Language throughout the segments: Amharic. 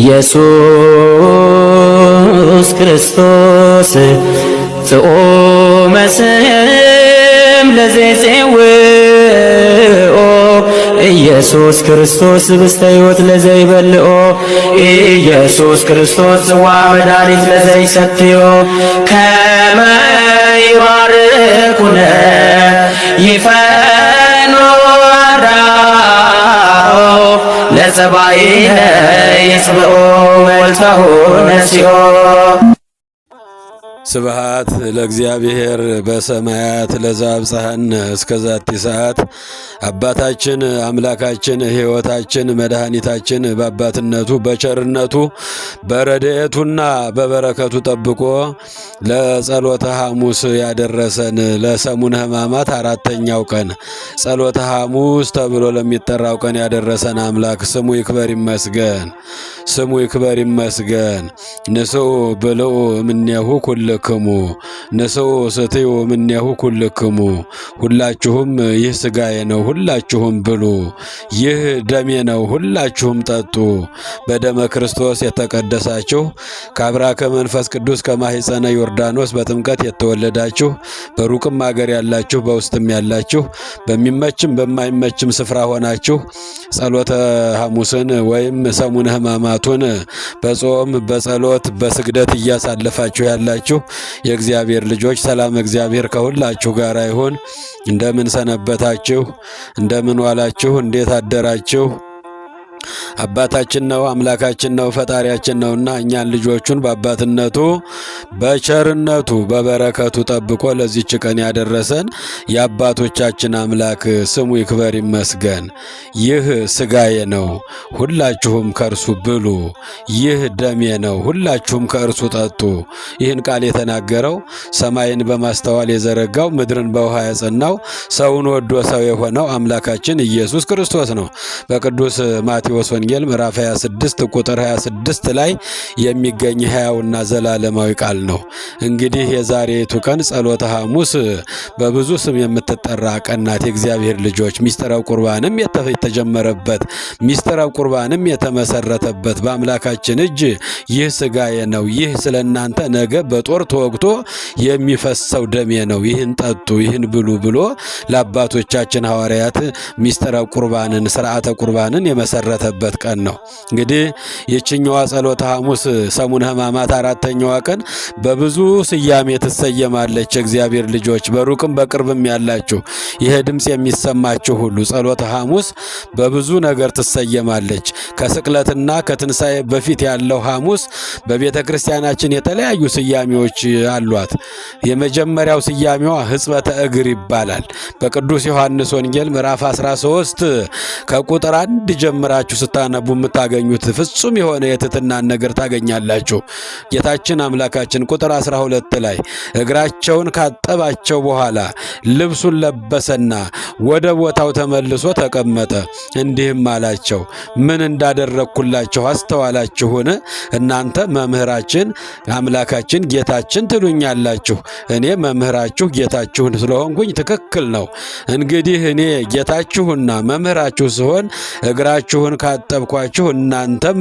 ኢየሱስ ክርስቶስ ጽኦመ ስም ለዘይጼውኦ ኢየሱስ ክርስቶስ ብስተ ሕይወት ለዘይበልኦ ኢየሱስ ክርስቶስ ጽዋ መድኃኒት ለዘይሰትዮ ከመ ይባርኩነ ይፈኖ ሰባኢነ ይጽብኦ ወልፈሁ ነሲኦ ስብሃት ለእግዚአብሔር በሰማያት ለዘአብጽሐነ እስከ ዛቲ ሰዓት። አባታችን አምላካችን ሕይወታችን መድኃኒታችን በአባትነቱ በቸርነቱ በረድኤቱና በበረከቱ ጠብቆ ለጸሎተ ሐሙስ ያደረሰን ለሰሙነ ሕማማት አራተኛው ቀን ጸሎተ ሐሙስ ተብሎ ለሚጠራው ቀን ያደረሰን አምላክ ስሙ ይክበር ይመስገን፣ ስሙ ይክበር ይመስገን። ንስኡ ብልኡ እምኔሁ ኩልክ ኩለክሙ ነሰው ሰተዮ ምንያሁ ኩለክሙ፣ ሁላችሁም ይህ ስጋዬ ነው፣ ሁላችሁም ብሉ። ይህ ደሜ ነው፣ ሁላችሁም ጠጡ። በደመ ክርስቶስ የተቀደሳችሁ ከአብራከ መንፈስ ቅዱስ ከማኅፀነ ዮርዳኖስ በጥምቀት የተወለዳችሁ በሩቅም አገር ያላችሁ በውስጥም ያላችሁ በሚመችም በማይመችም ስፍራ ሆናችሁ ጸሎተ ሐሙስን ወይም ሰሙነ ሕማማቱን በጾም በጸሎት በስግደት እያሳለፋችሁ ያላችሁ የእግዚአብሔር ልጆች ሰላም እግዚአብሔር ከሁላችሁ ጋር ይሁን። እንደምን ሰነበታችሁ? እንደምን ዋላችሁ? እንዴት አደራችሁ? አባታችን ነው፣ አምላካችን ነው፣ ፈጣሪያችን ነው እና እኛን ልጆቹን በአባትነቱ በቸርነቱ በበረከቱ ጠብቆ ለዚች ቀን ያደረሰን የአባቶቻችን አምላክ ስሙ ይክበር ይመስገን። ይህ ስጋዬ ነው፣ ሁላችሁም ከእርሱ ብሉ። ይህ ደሜ ነው፣ ሁላችሁም ከእርሱ ጠጡ። ይህን ቃል የተናገረው ሰማይን በማስተዋል የዘረጋው ምድርን በውሃ ያጸናው ሰውን ወዶ ሰው የሆነው አምላካችን ኢየሱስ ክርስቶስ ነው። በቅዱስ ማቴዎስ ማቴዎስ ወንጌል ምዕራፍ 26 ቁጥር 26 ላይ የሚገኝ ሕያውና ዘላለማዊ ቃል ነው። እንግዲህ የዛሬቱ ቀን ጸሎተ ሐሙስ በብዙ ስም የምትጠራ ቀናት የእግዚአብሔር ልጆች ሚስጥረ ቁርባንም የተጀመረበት ሚስጥረ ቁርባንም የተመሰረተበት በአምላካችን እጅ ይህ ስጋዬ ነው፣ ይህ ስለ እናንተ ነገ በጦር ተወግቶ የሚፈሰው ደሜ ነው፣ ይህን ጠጡ፣ ይህን ብሉ ብሎ ለአባቶቻችን ሐዋርያት ሚስጥረ ቁርባንን ስርዓተ ቁርባንን የመሰረተ የተመሰረተበት ቀን ነው። እንግዲህ ይችኛዋ ጸሎተ ሐሙስ ሰሙን ሕማማት አራተኛዋ ቀን በብዙ ስያሜ ትሰየማለች። እግዚአብሔር ልጆች በሩቅም በቅርብም ያላችሁ ይሄ ድምፅ የሚሰማችሁ ሁሉ ጸሎተ ሐሙስ በብዙ ነገር ትሰየማለች። ከስቅለትና ከትንሣኤ በፊት ያለው ሐሙስ በቤተ ክርስቲያናችን የተለያዩ ስያሜዎች አሏት። የመጀመሪያው ስያሜዋ ሕጽበተ እግር ይባላል። በቅዱስ ዮሐንስ ወንጌል ምዕራፍ 13 ከቁጥር አንድ ጀምራችሁ ሆናችሁ ስታነቡ የምታገኙት ፍጹም የሆነ የትህትናን ነገር ታገኛላችሁ። ጌታችን አምላካችን ቁጥር 12 ላይ እግራቸውን ካጠባቸው በኋላ ልብሱን ለበሰና ወደ ቦታው ተመልሶ ተቀመጠ። እንዲህም አላቸው፣ ምን እንዳደረግኩላችሁ አስተዋላችሁን? እናንተ መምህራችን አምላካችን ጌታችን ትሉኛላችሁ፣ እኔ መምህራችሁ ጌታችሁን ስለሆንኩኝ ትክክል ነው። እንግዲህ እኔ ጌታችሁና መምህራችሁ ስሆን እግራችሁን ካጠብኳችሁ እናንተም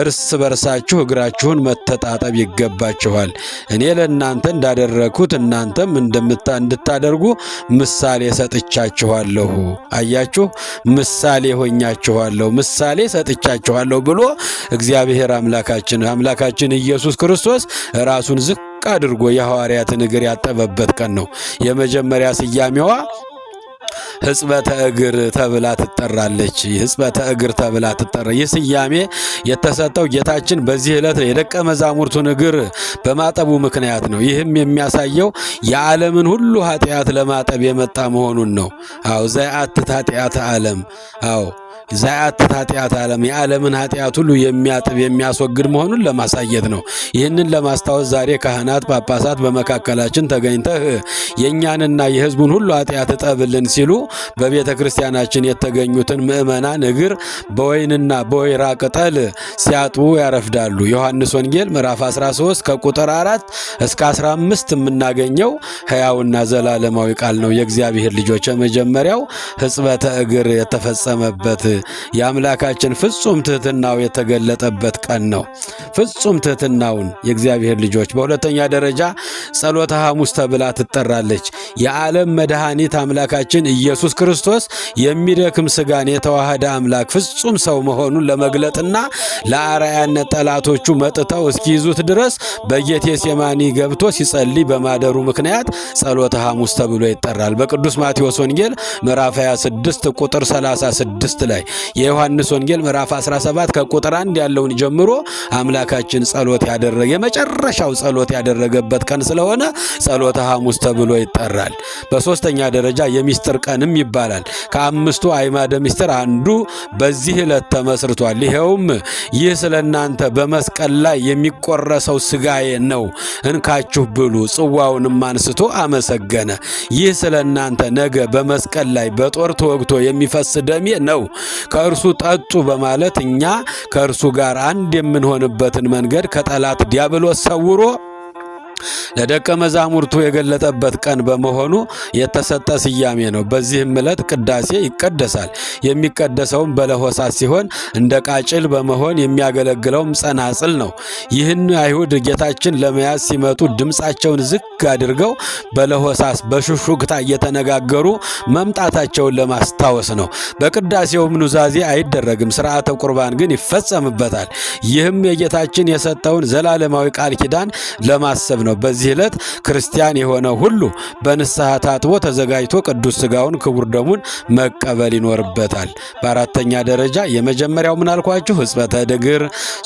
እርስ በርሳችሁ እግራችሁን መተጣጠብ ይገባችኋል። እኔ ለእናንተ እንዳደረግኩት እናንተም እንድታደርጉ ምሳሌ ሰጥቻችኋለሁ። አያችሁ፣ ምሳሌ ሆኛችኋለሁ፣ ምሳሌ ሰጥቻችኋለሁ ብሎ እግዚአብሔር አምላካችን አምላካችን ኢየሱስ ክርስቶስ ራሱን ዝቅ አድርጎ የሐዋርያትን እግር ያጠበበት ቀን ነው። የመጀመሪያ ስያሜዋ ሕጽበተ እግር ተብላ ትጠራለች። ሕጽበተ እግር ተብላ ትጠራ። ይህ ስያሜ የተሰጠው ጌታችን በዚህ ዕለት የደቀ መዛሙርቱን እግር በማጠቡ ምክንያት ነው። ይህም የሚያሳየው የዓለምን ሁሉ ኃጢአት ለማጠብ የመጣ መሆኑን ነው። አው ዘአትት ኃጢአተ ዓለም አው ዘያትት ኃጢአት ዓለም የዓለምን ኃጢአት ሁሉ የሚያጥብ የሚያስወግድ መሆኑን ለማሳየት ነው። ይህንን ለማስታወስ ዛሬ ካህናት፣ ጳጳሳት በመካከላችን ተገኝተህ የእኛንና የሕዝቡን ሁሉ ኃጢአት እጠብልን ሲሉ በቤተ ክርስቲያናችን የተገኙትን ምእመናን እግር በወይንና በወይራ ቅጠል ሲያጥቡ ያረፍዳሉ። ዮሐንስ ወንጌል ምዕራፍ 13 ከቁጥር 4 እስከ 15 የምናገኘው ሕያውና ዘላለማዊ ቃል ነው። የእግዚአብሔር ልጆች የመጀመሪያው ሕጽበተ እግር የተፈጸመበት የአምላካችን ፍጹም ትሕትናው የተገለጠበት ቀን ነው። ፍጹም ትሕትናውን የእግዚአብሔር ልጆች በሁለተኛ ደረጃ ጸሎተ ሐሙስ ተብላ ትጠራለች። የዓለም መድኃኒት አምላካችን ኢየሱስ ክርስቶስ የሚደክም ሥጋን የተዋህደ አምላክ ፍጹም ሰው መሆኑን ለመግለጥና ለአርአያነት ጠላቶቹ መጥተው እስኪይዙት ድረስ በጌቴሴማኒ ገብቶ ሲጸልይ በማደሩ ምክንያት ጸሎተ ሐሙስ ተብሎ ይጠራል። በቅዱስ ማቴዎስ ወንጌል ምዕራፍ 26 ቁጥር 36 ላይ የዮሐንስ ወንጌል ምዕራፍ 17 ከቁጥር 1 ያለውን ጀምሮ አምላካችን ጸሎት ያደረገ የመጨረሻው ጸሎት ያደረገበት ቀን ስለሆነ ጸሎተ ሐሙስ ተብሎ ይጠራል። በሶስተኛ ደረጃ የሚስጥር ቀንም ይባላል። ከአምስቱ አዕማደ ምስጢር አንዱ በዚህ ዕለት ተመስርቷል። ይኸውም ይህ ስለ እናንተ በመስቀል ላይ የሚቆረሰው ስጋዬ ነው፣ እንካችሁ ብሉ። ጽዋውንም አንስቶ አመሰገነ። ይህ ስለ እናንተ ነገ በመስቀል ላይ በጦር ተወግቶ የሚፈስ ደሜ ነው፣ ከእርሱ ጠጡ በማለት እኛ ከእርሱ ጋር አንድ የምንሆንበትን መንገድ ከጠላት ዲያብሎስ ሰውሮ ለደቀ መዛሙርቱ የገለጠበት ቀን በመሆኑ የተሰጠ ስያሜ ነው። በዚህም ዕለት ቅዳሴ ይቀደሳል። የሚቀደሰውም በለሆሳስ ሲሆን እንደ ቃጭል በመሆን የሚያገለግለውም ጸናጽል ነው። ይህን አይሁድ ጌታችን ለመያዝ ሲመጡ ድምፃቸውን ዝግ አድርገው በለሆሳስ በሹሹክታ እየተነጋገሩ መምጣታቸውን ለማስታወስ ነው። በቅዳሴውም ኑዛዜ አይደረግም፣ ስርዓተ ቁርባን ግን ይፈጸምበታል። ይህም የጌታችን የሰጠውን ዘላለማዊ ቃል ኪዳን ለማሰብ ነው። ነው። በዚህ ዕለት ክርስቲያን የሆነ ሁሉ በንስሐ ታጥቦ ተዘጋጅቶ ቅዱስ ሥጋውን ክቡር ደሙን መቀበል ይኖርበታል። በአራተኛ ደረጃ የመጀመሪያው አልኳችሁ? ሕጽበተ ድግር፣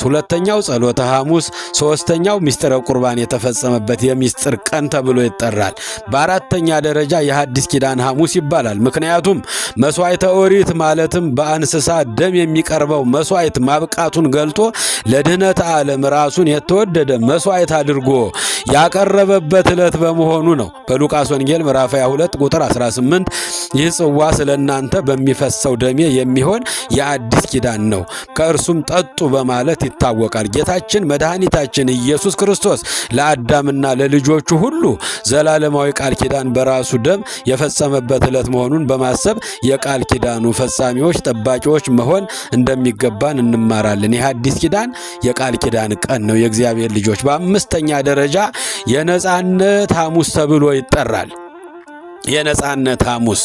ሁለተኛው ጸሎተ ሐሙስ፣ ሦስተኛው ሚስጥረ ቁርባን የተፈጸመበት የሚስጥር ቀን ተብሎ ይጠራል። በአራተኛ ደረጃ የሐዲስ ኪዳን ሐሙስ ይባላል። ምክንያቱም መሥዋዕተ ኦሪት ማለትም በእንስሳ ደም የሚቀርበው መሥዋዕት ማብቃቱን ገልጦ ለድህነተ ዓለም ራሱን የተወደደ መሥዋዕት አድርጎ ያቀረበበት ዕለት በመሆኑ ነው። በሉቃስ ወንጌል ምዕራፍ 22 ቁጥር 18 ይህ ጽዋ ስለ እናንተ በሚፈሰው ደሜ የሚሆን የአዲስ ኪዳን ነው፣ ከእርሱም ጠጡ በማለት ይታወቃል። ጌታችን መድኃኒታችን ኢየሱስ ክርስቶስ ለአዳምና ለልጆቹ ሁሉ ዘላለማዊ ቃል ኪዳን በራሱ ደም የፈጸመበት ዕለት መሆኑን በማሰብ የቃል ኪዳኑ ፈጻሚዎች፣ ጠባቂዎች መሆን እንደሚገባን እንማራለን። ይህ አዲስ ኪዳን የቃል ኪዳን ቀን ነው። የእግዚአብሔር ልጆች በአምስተኛ ደረጃ የነጻነት ሐሙስ ተብሎ ይጠራል። የነጻነት ሐሙስ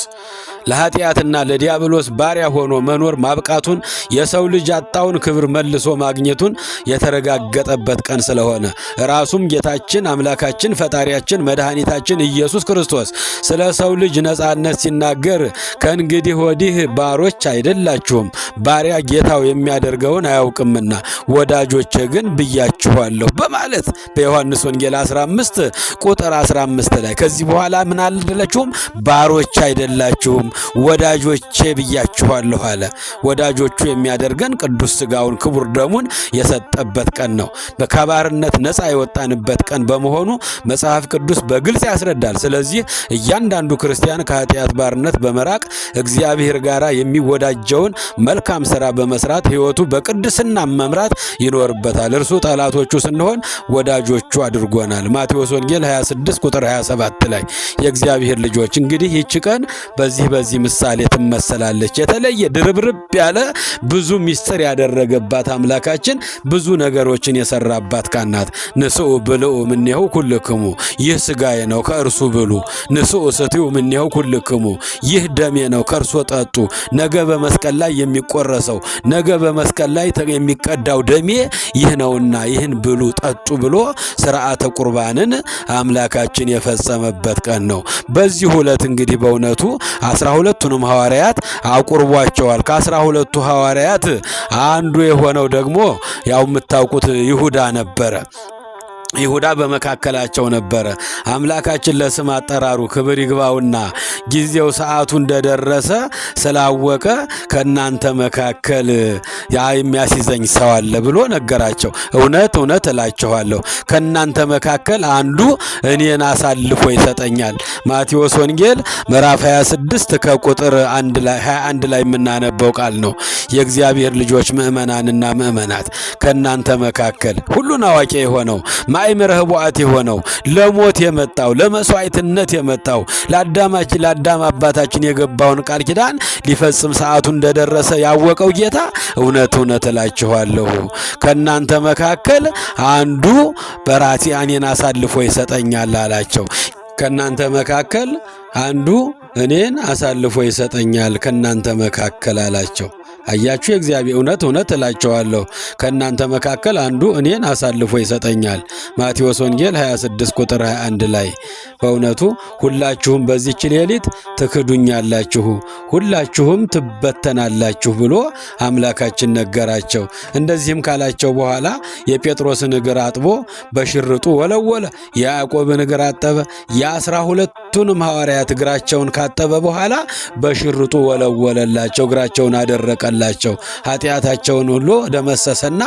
ለኃጢአትና ለዲያብሎስ ባሪያ ሆኖ መኖር ማብቃቱን የሰው ልጅ ያጣውን ክብር መልሶ ማግኘቱን የተረጋገጠበት ቀን ስለሆነ ራሱም ጌታችን አምላካችን ፈጣሪያችን መድኃኒታችን ኢየሱስ ክርስቶስ ስለ ሰው ልጅ ነጻነት ሲናገር ከእንግዲህ ወዲህ ባሮች አይደላችሁም፣ ባሪያ ጌታው የሚያደርገውን አያውቅምና ወዳጆቼ ግን ብያችኋለሁ በማለት በዮሐንስ ወንጌል 15 ቁጥር 15 ላይ ከዚህ በኋላ ምን አልደለችሁም ባሮች አይደላችሁም ወዳጆቼ ብያችኋለሁ አለ። ወዳጆቹ የሚያደርገን ቅዱስ ስጋውን ክቡር ደሙን የሰጠበት ቀን ነው። በከባርነት ነፃ የወጣንበት ቀን በመሆኑ መጽሐፍ ቅዱስ በግልጽ ያስረዳል። ስለዚህ እያንዳንዱ ክርስቲያን ከኃጢአት ባርነት በመራቅ እግዚአብሔር ጋር የሚወዳጀውን መልካም ስራ በመስራት ህይወቱ በቅድስና መምራት ይኖርበታል። እርሱ ጠላቶቹ ስንሆን ወዳጆቹ አድርጎናል። ማቴዎስ ወንጌል 26 ቁጥር 27 ላይ የእግዚአብሔር ልጆች እንግዲህ ይህች ቀን በዚህ በዚህ በዚህ ምሳሌ ትመሰላለች። የተለየ ድርብርብ ያለ ብዙ ሚስጥር ያደረገባት አምላካችን ብዙ ነገሮችን የሰራባት ካናት። ንስኡ ብልዑ እምኔሁ ኩልክሙ፣ ይህ ስጋዬ ነው ከእርሱ ብሉ። ንስኡ ስትዩ እምኔሁ ኩልክሙ፣ ይህ ደሜ ነው ከእርሶ ጠጡ። ነገ በመስቀል ላይ የሚቆረሰው ነገ በመስቀል ላይ የሚቀዳው ደሜ ይህ ነውና ይህን ብሉ ጠጡ ብሎ ስርዓተ ቁርባንን አምላካችን የፈጸመበት ቀን ነው። በዚህ ሁለት እንግዲህ በእውነቱ አስራ ሁለቱንም ሐዋርያት አቁርቧቸዋል። ከአስራ ሁለቱ ሐዋርያት አንዱ የሆነው ደግሞ ያው የምታውቁት ይሁዳ ነበረ። ይሁዳ በመካከላቸው ነበረ። አምላካችን ለስም አጠራሩ ክብር ይግባውና ጊዜው ሰዓቱ እንደደረሰ ስላወቀ ከእናንተ መካከል ያ የሚያስይዘኝ ሰው አለ ብሎ ነገራቸው። እውነት እውነት እላችኋለሁ ከእናንተ መካከል አንዱ እኔን አሳልፎ ይሰጠኛል። ማቴዎስ ወንጌል ምዕራፍ 26 ከቁጥር 21 ላይ የምናነበው ቃል ነው። የእግዚአብሔር ልጆች ምእመናንና ምእመናት ከእናንተ መካከል ሁሉን አዋቂ የሆነው ማይምረ ህቡአት የሆነው ለሞት የመጣው ለመስዋዕትነት የመጣው ለአዳማችን ለአዳም አባታችን የገባውን ቃል ኪዳን ሊፈጽም ሰዓቱ እንደደረሰ ያወቀው ጌታ እውነት እውነት እላችኋለሁ ከእናንተ መካከል አንዱ በራሴ እኔን አሳልፎ ይሰጠኛል አላቸው። ከእናንተ መካከል አንዱ እኔን አሳልፎ ይሰጠኛል ከእናንተ መካከል አላቸው። አያችሁ የእግዚአብሔር እውነት እውነት እላቸዋለሁ ከእናንተ መካከል አንዱ እኔን አሳልፎ ይሰጠኛል። ማቴዎስ ወንጌል 26 ቁጥር 21 ላይ በእውነቱ ሁላችሁም በዚች ሌሊት ትክዱኛላችሁ፣ ሁላችሁም ትበተናላችሁ ብሎ አምላካችን ነገራቸው። እንደዚህም ካላቸው በኋላ የጴጥሮስን እግር አጥቦ በሽርጡ ወለወለ፣ የያዕቆብን እግር አጠበ። የአስራ ሁለቱንም ሐዋርያት እግራቸውን ካጠበ በኋላ በሽርጡ ወለወለላቸው፣ እግራቸውን አደረቀላቸው። ሞላላቸው፣ ኃጢአታቸውን ሁሉ ደመሰሰና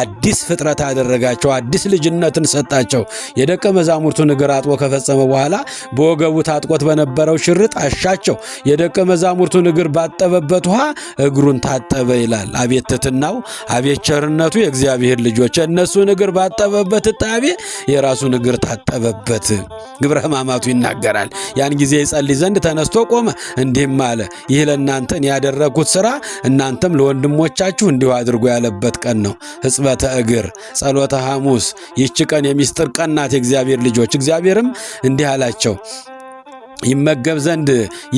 አዲስ ፍጥረት አደረጋቸው፣ አዲስ ልጅነትን ሰጣቸው። የደቀ መዛሙርቱን እግር አጥቦ ከፈጸመ በኋላ በወገቡ ታጥቆት በነበረው ሽርጥ አሻቸው። የደቀ መዛሙርቱን እግር ባጠበበት ውሃ እግሩን ታጠበ ይላል። አቤት አቤት ቸርነቱ የእግዚአብሔር ልጆች የእነሱን እግር ባጠበበት እጣቤ የራሱን እግር ታጠበበት። ግብረ ሕማማቱ ይናገራል። ያን ጊዜ ይጸልይ ዘንድ ተነስቶ ቆመ፣ እንዲህም አለ፦ ይህ ለእናንተን ያደረግኩት ስራ እና እናንተም ለወንድሞቻችሁ እንዲሁ አድርጎ ያለበት ቀን ነው። ሕጽበተ እግር፣ ጸሎተ ሐሙስ። ይህች ቀን የሚስጥር ቀን ናት። የእግዚአብሔር ልጆች እግዚአብሔርም እንዲህ አላቸው ይመገብ ዘንድ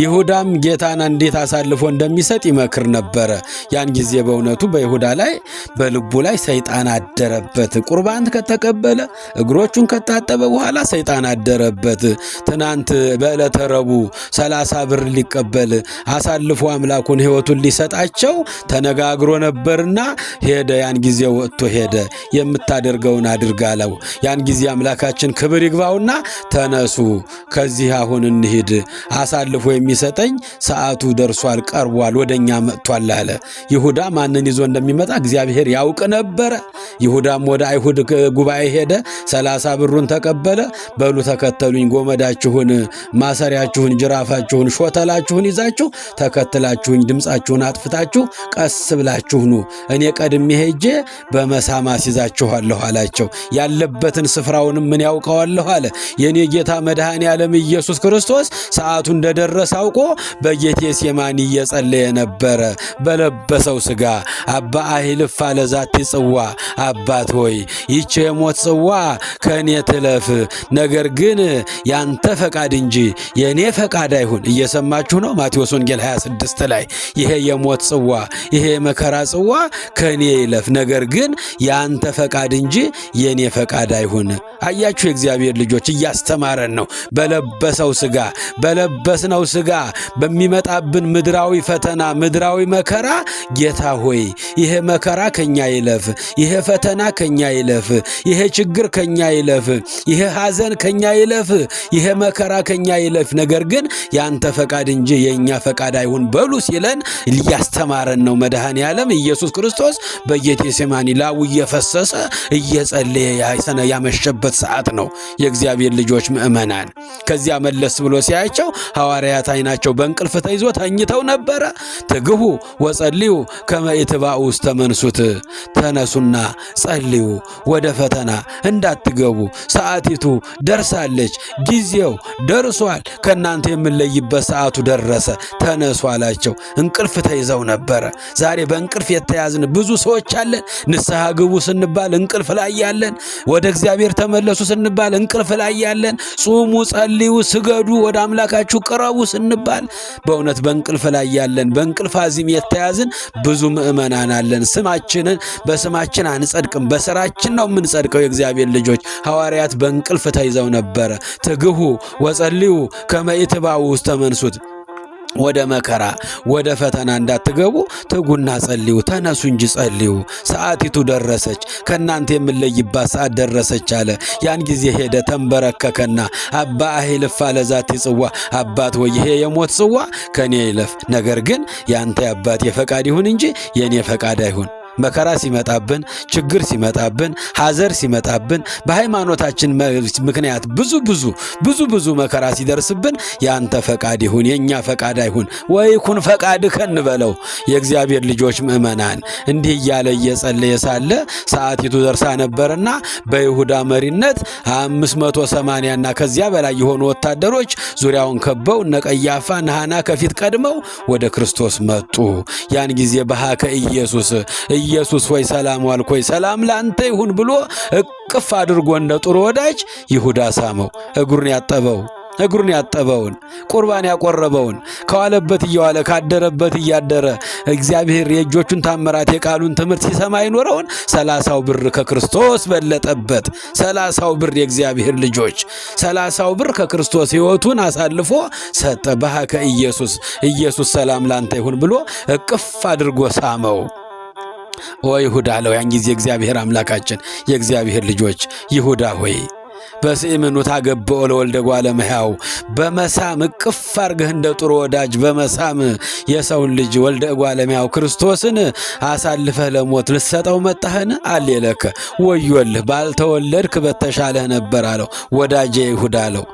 ይሁዳም ጌታን እንዴት አሳልፎ እንደሚሰጥ ይመክር ነበረ። ያን ጊዜ በእውነቱ በይሁዳ ላይ በልቡ ላይ ሰይጣን አደረበት። ቁርባን ከተቀበለ እግሮቹን ከታጠበ በኋላ ሰይጣን አደረበት። ትናንት በዕለተ ረቡዕ ሰላሳ ብር ሊቀበል አሳልፎ አምላኩን ሕይወቱን ሊሰጣቸው ተነጋግሮ ነበርና ሄደ። ያን ጊዜ ወጥቶ ሄደ። የምታደርገውን አድርግ አለው። ያን ጊዜ አምላካችን ክብር ይግባውና ተነሱ ከዚህ አሁን እንሄ ልሂድ፣ አሳልፎ የሚሰጠኝ ሰዓቱ ደርሷል፣ ቀርቧል፣ ወደ እኛ መጥቷል አለ። ይሁዳ ማንን ይዞ እንደሚመጣ እግዚአብሔር ያውቅ ነበረ። ይሁዳም ወደ አይሁድ ጉባኤ ሄደ። ሰላሳ ብሩን ተቀበለ። በሉ ተከተሉኝ፣ ጎመዳችሁን፣ ማሰሪያችሁን፣ ጅራፋችሁን፣ ሾተላችሁን ይዛችሁ ተከትላችሁኝ፣ ድምፃችሁን አጥፍታችሁ ቀስ ብላችሁ ኑ፣ እኔ ቀድሜ ሄጄ በመሳማ አስይዛችኋለሁ አላቸው። ያለበትን ስፍራውንም ምን ያውቀዋለሁ አለ። የእኔ ጌታ መድኃኔ ዓለም ኢየሱስ ክርስቶስ ድረስ ሰዓቱ እንደደረሰ አውቆ በጌቴ እየጸለየ ነበረ። በለበሰው ስጋ አባ አሂልፋ ለዛቲ ጽዋ አባት ሆይ ይቺ የሞት ጽዋ ከእኔ ትለፍ፣ ነገር ግን ያንተ ፈቃድ እንጂ የእኔ ፈቃድ አይሁን። እየሰማችሁ ነው። ማቴዎስ ወንጌል 26 ላይ ይሄ የሞት ጽዋ ይሄ የመከራ ጽዋ ከእኔ ይለፍ፣ ነገር ግን ያንተ ፈቃድ እንጂ የእኔ ፈቃድ አይሁን። አያችሁ፣ የእግዚአብሔር ልጆች እያስተማረን ነው። በለበሰው ስጋ። በለበስነው ስጋ በሚመጣብን ምድራዊ ፈተና፣ ምድራዊ መከራ ጌታ ሆይ ይሄ መከራ ከኛ ይለፍ፣ ይሄ ፈተና ከኛ ይለፍ፣ ይሄ ችግር ከኛ ይለፍ፣ ይሄ ሐዘን ከኛ ይለፍ፣ ይሄ መከራ ከኛ ይለፍ፣ ነገር ግን ያንተ ፈቃድ እንጂ የእኛ ፈቃድ አይሁን በሉ ሲለን እያስተማረን ነው መድኃኔ ዓለም ኢየሱስ ክርስቶስ በጌቴሴማኒ ላቡ እየፈሰሰ እየጸለየ ያመሸበት ሰዓት ነው። የእግዚአብሔር ልጆች ምእመናን ከዚያ መለስ ብሎ ብሎ ሲያያቸው ሐዋርያት አይናቸው በእንቅልፍ ተይዞ ተኝተው ነበረ። ትግሁ ወጸልዩ ከመ ኢትባኡ ውስተ መንሱት፣ ተነሱና ጸልዩ ወደ ፈተና እንዳትገቡ፣ ሰዓቲቱ ደርሳለች፣ ጊዜው ደርሷል፣ ከእናንተ የምንለይበት ሰዓቱ ደረሰ፣ ተነሱ አላቸው። እንቅልፍ ተይዘው ነበረ። ዛሬ በእንቅልፍ የተያዝን ብዙ ሰዎች አለን። ንስሐ ግቡ ስንባል እንቅልፍ ላይ ያለን፣ ወደ እግዚአብሔር ተመለሱ ስንባል እንቅልፍ ላይ ያለን፣ ጹሙ፣ ጸልዩ፣ ስገዱ ወደ አምላካችሁ ቅረቡ ስንባል በእውነት በእንቅልፍ ላይ ያለን በእንቅልፍ አዚም የተያዝን ብዙ ምእመናን አለን። ስማችንን በስማችን አንጸድቅም፣ በስራችን ነው የምንጸድቀው። የእግዚአብሔር ልጆች ሐዋርያት በእንቅልፍ ተይዘው ነበረ። ትግሁ ወጸልዩ ከመ ኢትባኡ ውስተ መንሱት ወደ መከራ ወደ ፈተና እንዳትገቡ ትጉና ጸልዩ። ተነሱ እንጂ ጸልዩ፣ ሰዓቲቱ ደረሰች፣ ከእናንተ የምለይባት ሰዓት ደረሰች አለ። ያን ጊዜ ሄደ ተንበረከከና፣ አባ አሂልፋ ለዛቲ ጽዋ፣ አባት ወይ ይሄ የሞት ጽዋ ከእኔ ይለፍ፣ ነገር ግን ያንተ አባት የፈቃድ ይሁን እንጂ የእኔ ፈቃድ አይሁን። መከራ ሲመጣብን፣ ችግር ሲመጣብን፣ ሐዘር ሲመጣብን በሃይማኖታችን ምክንያት ብዙ ብዙ ብዙ ብዙ መከራ ሲደርስብን የአንተ ፈቃድ ይሁን የእኛ ፈቃድ አይሁን ወይ ኩን ፈቃድከ እንበለው። የእግዚአብሔር ልጆች ምእመናን እንዲህ እያለ እየጸለየ ሳለ ሰዓቲቱ ደርሳ ነበርና በይሁዳ መሪነት አምስት መቶ እና ከዚያ በላይ የሆኑ ወታደሮች ዙሪያውን ከበው እነ ቀያፋ እነ ሐና ከፊት ቀድመው ወደ ክርስቶስ መጡ። ያን ጊዜ በሃከ ኢየሱስ ኢየሱስ ሆይ ሰላም ዋልክ ሆይ ሰላም ላንተ ይሁን ብሎ እቅፍ አድርጎ እንደ ጥሩ ወዳጅ ይሁዳ ሳመው። እግሩን ያጠበው እግሩን ያጠበውን ቁርባን ያቆረበውን ከዋለበት እየዋለ ካደረበት እያደረ እግዚአብሔር የእጆቹን ታምራት የቃሉን ትምህርት ሲሰማ ይኖረውን ሰላሳው ብር ከክርስቶስ በለጠበት። ሰላሳው ብር የእግዚአብሔር ልጆች ሰላሳው ብር ከክርስቶስ ሕይወቱን አሳልፎ ሰጠ። ባሃከ ኢየሱስ ኢየሱስ ሰላም ላንተ ይሁን ብሎ እቅፍ አድርጎ ሳመው። ኦ ይሁዳ ለው ያን ጊዜ እግዚአብሔር አምላካችን የእግዚአብሔር ልጆች ይሁዳ ሆይ በስእምኑ ታገብኦ ለወልደ እጓለ እመሕያው በመሳም እቅፍ አርገህ እንደ ጥሩ ወዳጅ በመሳም የሰውን ልጅ ወልደ እጓለ እመሕያው ክርስቶስን አሳልፈህ ለሞት ልትሰጠው መጣህን? አሌለከ ወዮልህ፣ ባልተወለድክ በተሻለህ ነበር አለው። ወዳጄ ይሁዳ አለው።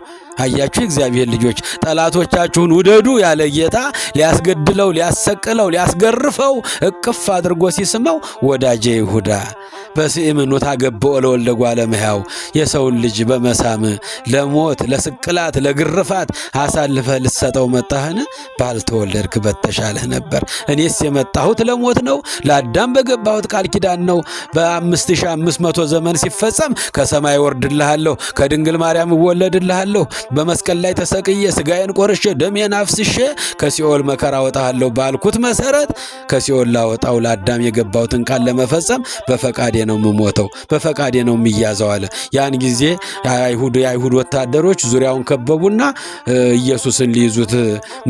አያችሁ እግዚአብሔር ልጆች ጠላቶቻችሁን ውደዱ ያለ ጌታ ሊያስገድለው ሊያሰቅለው ሊያስገርፈው እቅፍ አድርጎ ሲስመው ወዳጄ ይሁዳ በስእምኑ አገብኦ ለወልደ እጓለ እመሕያው የሰውን ልጅ በመሳም ለሞት ለስቅላት ለግርፋት አሳልፈ ልትሰጠው መጣህን ባልተወለድክ በተሻለህ ነበር እኔስ የመጣሁት ለሞት ነው ለአዳም በገባሁት ቃል ኪዳን ነው በአምስት ሺህ አምስት መቶ ዘመን ሲፈጸም ከሰማይ ወርድልሃለሁ ከድንግል ማርያም እወለድልሃለሁ በመስቀል ላይ ተሰቅዬ ስጋዬን ቆርሼ ደሜን አፍስሼ ከሲኦል መከራ ወጣለሁ ባልኩት መሰረት ከሲኦል ላወጣው ለአዳም የገባሁትን ቃል ለመፈጸም በፈቃዴ ነው የምሞተው፣ በፈቃዴ ነው የሚያዘው አለ። ያን ጊዜ አይሁድ የአይሁድ ወታደሮች ዙሪያውን ከበቡና ኢየሱስን ሊይዙት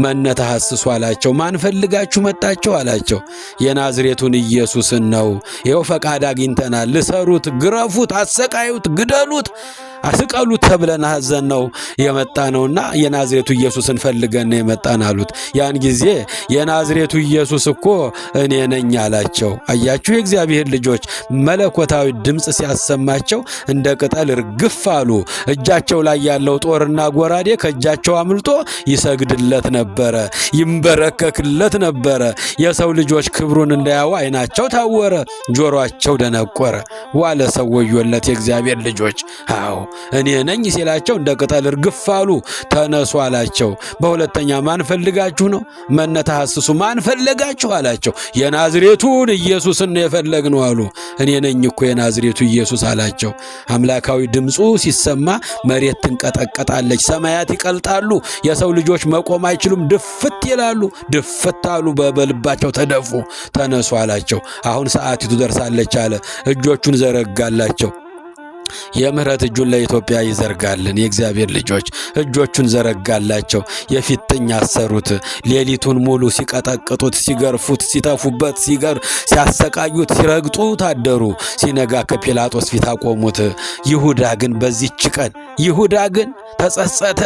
መነተ ሐስሱ አላቸው። ማን ፈልጋችሁ መጣችሁ አላቸው። የናዝሬቱን ኢየሱስን ነው። ይኸው ፈቃድ አግኝተናል። ልሰሩት፣ ግረፉት፣ አሰቃዩት፣ ግደሉት ስቀሉት ተብለን አዘን ነው የመጣ ነውና የናዝሬቱ ኢየሱስን ፈልገን የመጣን አሉት። ያን ጊዜ የናዝሬቱ ኢየሱስ እኮ እኔ ነኝ አላቸው። አያችሁ፣ የእግዚአብሔር ልጆች መለኮታዊ ድምፅ ሲያሰማቸው እንደ ቅጠል እርግፍ አሉ። እጃቸው ላይ ያለው ጦርና ጎራዴ ከእጃቸው አምልጦ ይሰግድለት ነበረ፣ ይንበረከክለት ነበረ። የሰው ልጆች ክብሩን እንዳያዩ ዓይናቸው ታወረ፣ ጆሮአቸው ደነቆረ። ዋለ ሰው ወዮለት የእግዚአብሔር ልጆች አዎ እኔ ነኝ ሲላቸው እንደ ቅጠል እርግፍ አሉ። ተነሱ አላቸው። በሁለተኛ ማን ፈልጋችሁ ነው? መነተ ሐስሱ ማን ፈለጋችሁ አላቸው። የናዝሬቱን ኢየሱስን የፈለግ ነው አሉ። እኔ ነኝ እኮ የናዝሬቱ ኢየሱስ አላቸው። አምላካዊ ድምፁ ሲሰማ መሬት ትንቀጠቀጣለች፣ ሰማያት ይቀልጣሉ፣ የሰው ልጆች መቆም አይችሉም፣ ድፍት ይላሉ። ድፍት አሉ፣ በልባቸው ተደፉ። ተነሱ አላቸው። አሁን ሰዓቲቱ ደርሳለች አለ። እጆቹን ዘረጋላቸው። የምህረት እጁን ለኢትዮጵያ ይዘርጋልን። የእግዚአብሔር ልጆች እጆቹን ዘረጋላቸው። የፊጥኝ አሰሩት። ሌሊቱን ሙሉ ሲቀጠቅጡት፣ ሲገርፉት፣ ሲተፉበት፣ ሲገር ሲያሰቃዩት፣ ሲረግጡ ታደሩ። ሲነጋ ከጲላጦስ ፊት አቆሙት። ይሁዳ ግን በዚች ቀን ይሁዳ ግን ተጸጸተ።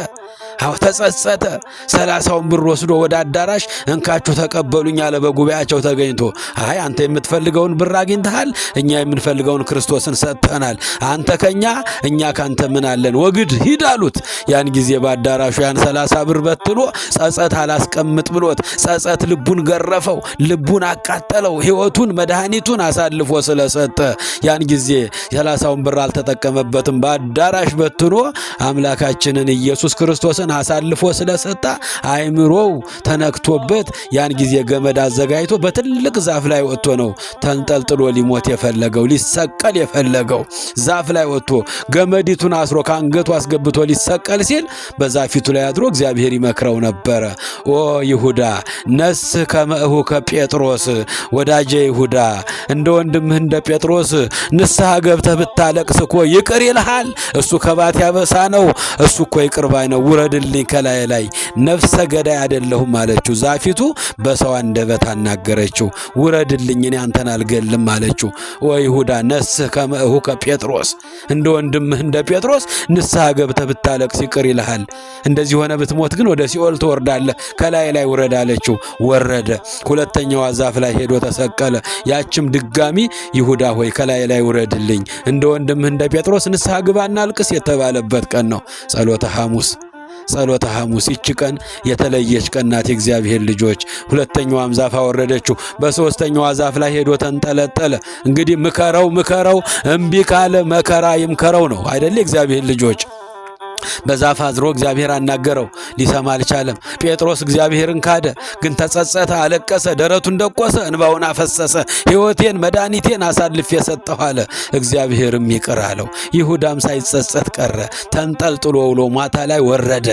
አሁ ተጸጸተ። ሰላሳውን ብር ወስዶ ወደ አዳራሽ እንካችሁ ተቀበሉኝ አለ በጉባኤያቸው ተገኝቶ። አይ አንተ የምትፈልገውን ብር አግኝተሃል፣ እኛ የምንፈልገውን ክርስቶስን ሰጥተናል። አንተ ከኛ እኛ ካንተ ምን አለን? ወግድ ሂድ አሉት። ያን ጊዜ በአዳራሹ ያን ሰላሳ ብር በትኖ ጸጸት አላስቀምጥ ብሎት ጸጸት ልቡን ገረፈው፣ ልቡን አቃጠለው። ሕይወቱን መድኃኒቱን አሳልፎ ስለሰጠ ያን ጊዜ ሰላሳውን ብር አልተጠቀመበትም። በአዳራሽ በትኖ አምላካችንን ኢየሱስ ክርስቶስ ክርስቶስን አሳልፎ ስለሰጣ አእምሮው ተነክቶበት ያን ጊዜ ገመድ አዘጋጅቶ በትልቅ ዛፍ ላይ ወጥቶ ነው ተንጠልጥሎ ሊሞት የፈለገው ሊሰቀል የፈለገው ዛፍ ላይ ወጥቶ ገመዲቱን አስሮ ከአንገቱ አስገብቶ ሊሰቀል ሲል በዛፊቱ ላይ አድሮ እግዚአብሔር ይመክረው ነበረ። ኦ ይሁዳ ነስህ ከመእሁ ከጴጥሮስ ወዳጄ ይሁዳ እንደ ወንድምህ እንደ ጴጥሮስ ንስሐ ገብተህ ብታለቅስ እኮ ይቅር ይልሃል። እሱ ከባት ያበሳ ነው። እሱ እኮ ይቅር ባይ ነው። ውረድልኝ ከላይ ላይ ነፍሰ ገዳይ አይደለሁም አለችው። ዛፊቱ በሰው አንደበት አናገረችው። ውረድልኝ እኔ አንተን አልገልም አለችው። ወይሁዳ ነስህ ከመእሁ ከጴጥሮስ እንደ ወንድምህ እንደ ጴጥሮስ ንስሐ ገብተህ ብታለቅስ ይቅር ይልሃል። እንደዚህ ሆነ ብትሞት ግን ወደ ሲኦል ትወርዳለህ። ከላይ ላይ ውረድ አለችው። ወረደ። ሁለተኛዋ ዛፍ ላይ ሄዶ ተሰቀለ። ያችም ድጋሚ ይሁዳ ሆይ ከላይ ላይ ውረድልኝ እንደ ወንድምህ እንደ ጴጥሮስ ንስሐ ግባና አልቅስ የተባለበት ቀን ነው ጸሎተ ሐሙስ። ጸሎተ ሐሙስ ይቺ ቀን የተለየች ቀን ናት። የእግዚአብሔር ልጆች ሁለተኛዋም ዛፍ አወረደችው። በሦስተኛዋ ዛፍ ላይ ሄዶ ተንጠለጠለ። እንግዲህ ምከረው ምከረው እምቢ ካለ መከራ ይምከረው ነው አይደል? የእግዚአብሔር ልጆች በዛፍ አዝሮ እግዚአብሔር አናገረው፣ ሊሰማ አልቻለም። ጴጥሮስ እግዚአብሔርን ካደ፣ ግን ተጸጸተ፣ አለቀሰ፣ ደረቱን ደቆሰ፣ እንባውን አፈሰሰ። ሕይወቴን መድኃኒቴን አሳልፌ የሰጠሁ አለ። እግዚአብሔርም ይቅር አለው። ይሁዳም ሳይጸጸት ቀረ። ተንጠልጥሎ ውሎ ማታ ላይ ወረደ።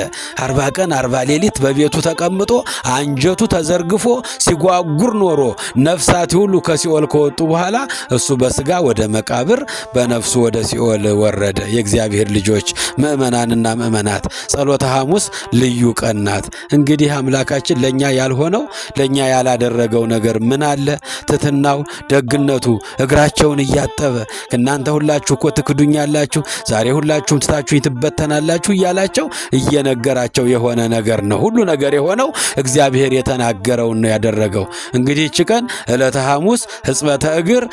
አርባ ቀን አርባ ሌሊት በቤቱ ተቀምጦ አንጀቱ ተዘርግፎ ሲጓጉር ኖሮ ነፍሳት ሁሉ ከሲኦል ከወጡ በኋላ እሱ በስጋ ወደ መቃብር በነፍሱ ወደ ሲኦል ወረደ። የእግዚአብሔር ልጆች ምእመናን ምእመናንና ምእመናት ጸሎተ ሐሙስ ልዩ ቀን ናት። እንግዲህ አምላካችን ለእኛ ያልሆነው ለእኛ ያላደረገው ነገር ምን አለ? ትትናው፣ ደግነቱ እግራቸውን እያጠበ እናንተ ሁላችሁ እኮ ትክዱኛላችሁ፣ ዛሬ ሁላችሁም ትታችሁኝ ትበተናላችሁ እያላቸው እየነገራቸው የሆነ ነገር ነው። ሁሉ ነገር የሆነው እግዚአብሔር የተናገረውን ነው ያደረገው። እንግዲህ ይቺ ቀን ዕለተ ሐሙስ፣ ሕጽበተ እግር፣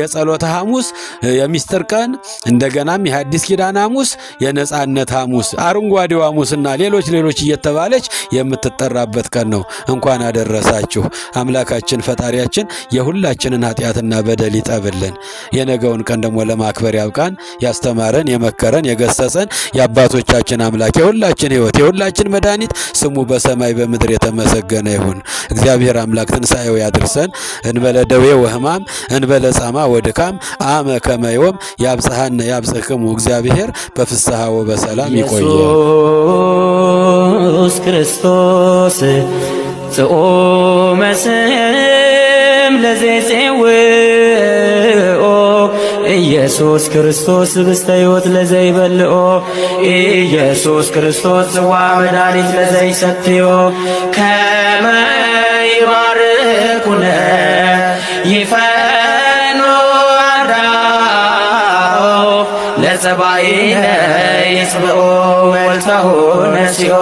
የጸሎተ ሐሙስ፣ የሚስጥር ቀን እንደገናም የሐዲስ ኪዳን ሐሙስ የነጻ የነጻነት ሐሙስ፣ አረንጓዴው ሐሙስና ሌሎች ሌሎች እየተባለች የምትጠራበት ቀን ነው። እንኳን አደረሳችሁ። አምላካችን ፈጣሪያችን የሁላችንን ኃጢአትና በደል ይጠብልን። የነገውን ቀን ደግሞ ለማክበር ያብቃን። ያስተማረን፣ የመከረን፣ የገሰጸን የአባቶቻችን አምላክ የሁላችን ሕይወት የሁላችን መድኃኒት ስሙ በሰማይ በምድር የተመሰገነ ይሁን። እግዚአብሔር አምላክ ትንሣኤው ያድርሰን። እንበለ ደዌ ወሕማም እንበለ ጻማ ወድካም አመ ከመ ያብጽሐነ ያብጽሕክሙ እግዚአብሔር በፍስሐ በሰላም ይቆየ። ኢየሱስ ክርስቶስ ጽኦመ ስም ለዘይጼውኦ ኢየሱስ ክርስቶስ ብስተ ሕይወት ለዘይበልኦ ኢየሱስ ክርስቶስ ጽዋ መድኃኒት ለዘይሰትዮ ከመ ይባርኩነ ይፈ ሰብአይነ ይጽብኦ ወልተሆነ ሲኦ